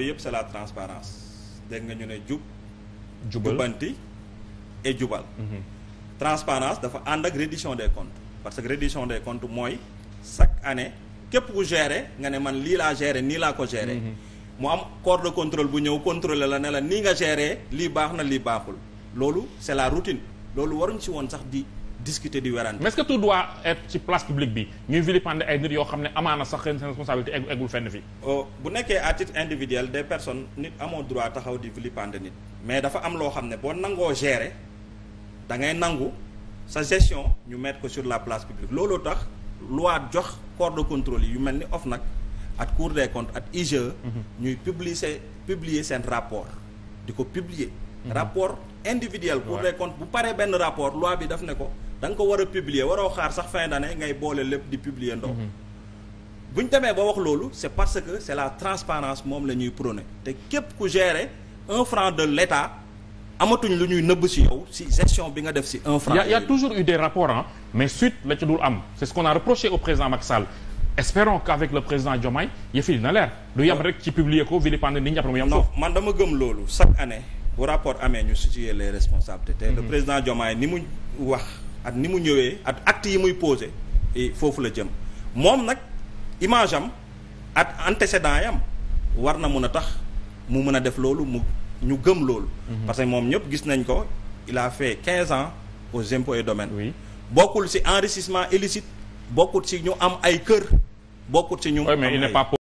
bi yëpp c'est la transparence dégg nga ñu ne jub jubanti et jubal mhm. transparence dafa ànd ak reddition des comptes parce que reddition des comptes mooy chaque année képp ku gérer nga ne man lii laa gérer nii laa ko gérer mhm. mu am corde de bu ñëw contrôler la ne la nii nga gérer lii baax na lii baaxul loolu c'est routine loolu waruñ ci woon sax di discuter di werante. mais que tout doit être ci place publique bi ñuy vilipender ay nit yoo xam ne amaana sax seen responsabilité egg eggul fenn fi. Oh, bu nekkee à titre individuel des personnes nit amoo droit taxaw di vilipender nit. mais dafa am loo xam ne boo nangoo gérer da ngay nangu sa gestion ñu mettre ko sur la place publique looloo tax loi jox corps de contrôle yi yu mel ni nag ak Cour des comptes ak IGE. Mm-hmm. ñuy publier publier seen rapport di ko publier. Mm-hmm. rapport individuel. Cour des comptes paree benn rapport loi bi daf ne ko. danga ko war a publier waroo xaar sax fin d'année ngay boole lépp di publier ndox mhm. bu ñu demee ba wax loolu c'est parce que c'est la transparence moom la ñuy prôné te képp ku gérer un franc de l'État amatuñ lu ñuy nëbb ci yow ci gestion bi nga def ci un franc. y' a y' toujours eu des rapports mais suite la ci dul am c'est ce qu'on a reproché au président Macky Sall espérons qu'avec le président Diomaye yëf yi dina leer. du yem rek ci publier ko vilipender nit ñi après man dama gëm loolu chaque année bu amee ñu situer les responsabilités. le mhm. président Diomaye ni mu wax. ak ni mu ñëwee ak acte yi muy posé eh, foofu la jëm moom nag image am ak antécédent yam war na mun a tax mu mën a def loolu mu ñu gëm loolu mhm. parce que moom ñëpp gis nañ ko il a fait quinze ans aux impôts et domaines bokkul ci enrichissement illicite bokkul ci ñu am ay kër bokkul ci ñu